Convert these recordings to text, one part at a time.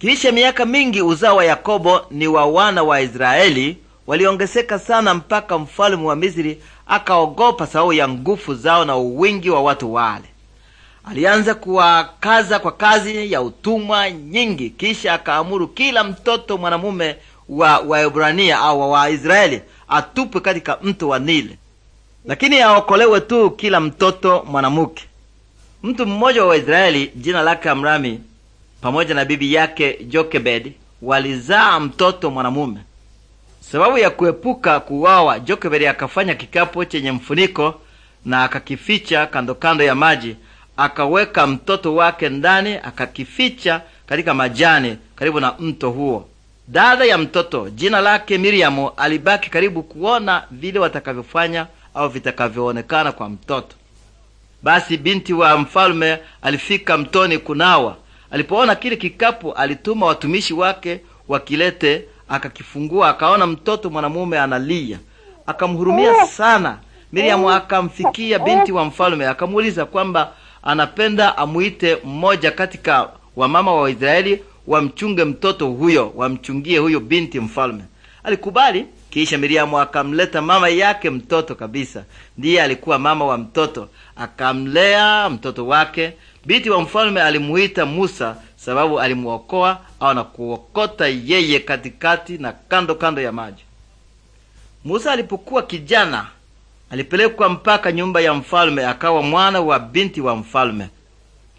Kisha miaka mingi uzao wa Yakobo ni wa wana wa Israeli waliongezeka sana, mpaka mfalme wa Misri akaogopa sababu ya nguvu zao na uwingi wa watu wale. Alianza kuwakaza kwa kazi ya utumwa nyingi, kisha akaamuru kila mtoto mwanamume wa Waebrania au wa Waisraeli atupwe katika mto wa Nile, lakini aokolewe tu kila mtoto mwanamke. Mtu mmoja wa Waisraeli jina lake Amrami pamoja na bibi yake Jokebed walizaa mtoto mwanamume. Sababu ya kuepuka kuwawa Jokebedi akafanya kikapu chenye mfuniko na akakificha kando kando ya maji, akaweka mtoto wake ndani, akakificha katika majani karibu na mto huo. Dada ya mtoto jina lake Miriamu alibaki karibu kuona vile watakavyofanya au vitakavyoonekana kwa mtoto. Basi binti wa mfalme alifika mtoni kunawa, Alipoona kile kikapu, alituma watumishi wake wakilete, akakifungua, akaona mtoto mwanamume analia, akamhurumia oh. sana. Miriamu oh. akamfikia binti wa mfalme, akamuuliza kwamba anapenda amuite mmoja katika wamama wa Israeli wamchunge mtoto huyo, wamchungie huyo binti mfalme. Alikubali. Kisha Miriamu akamleta mama yake mtoto kabisa, ndiye alikuwa mama wa mtoto, akamlea mtoto wake Binti wa mfalme alimuita Musa sababu alimuokoa au na kuokota yeye katikati na kando kando ya maji. Musa alipokuwa kijana alipelekwa mpaka nyumba ya mfalme, akawa mwana wa binti wa mfalme,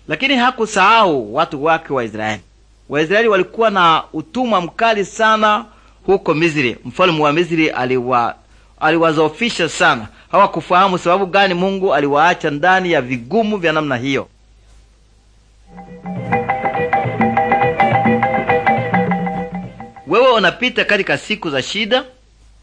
lakini hakusahau watu wake wa Israeli. Waisraeli walikuwa na utumwa mkali sana huko Misri. Mfalme wa Misri aliwa aliwazofisha sana, hawakufahamu sababu gani Mungu aliwaacha ndani ya vigumu vya namna hiyo. wewe unapita katika siku za shida,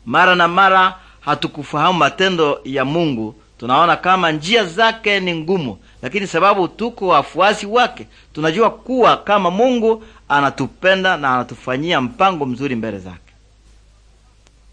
mara na mara hatukufahamu matendo ya Mungu, tunaona kama njia zake ni ngumu, lakini sababu tuko wafuasi wake, tunajua kuwa kama Mungu anatupenda na anatufanyia mpango mzuri mbele zake.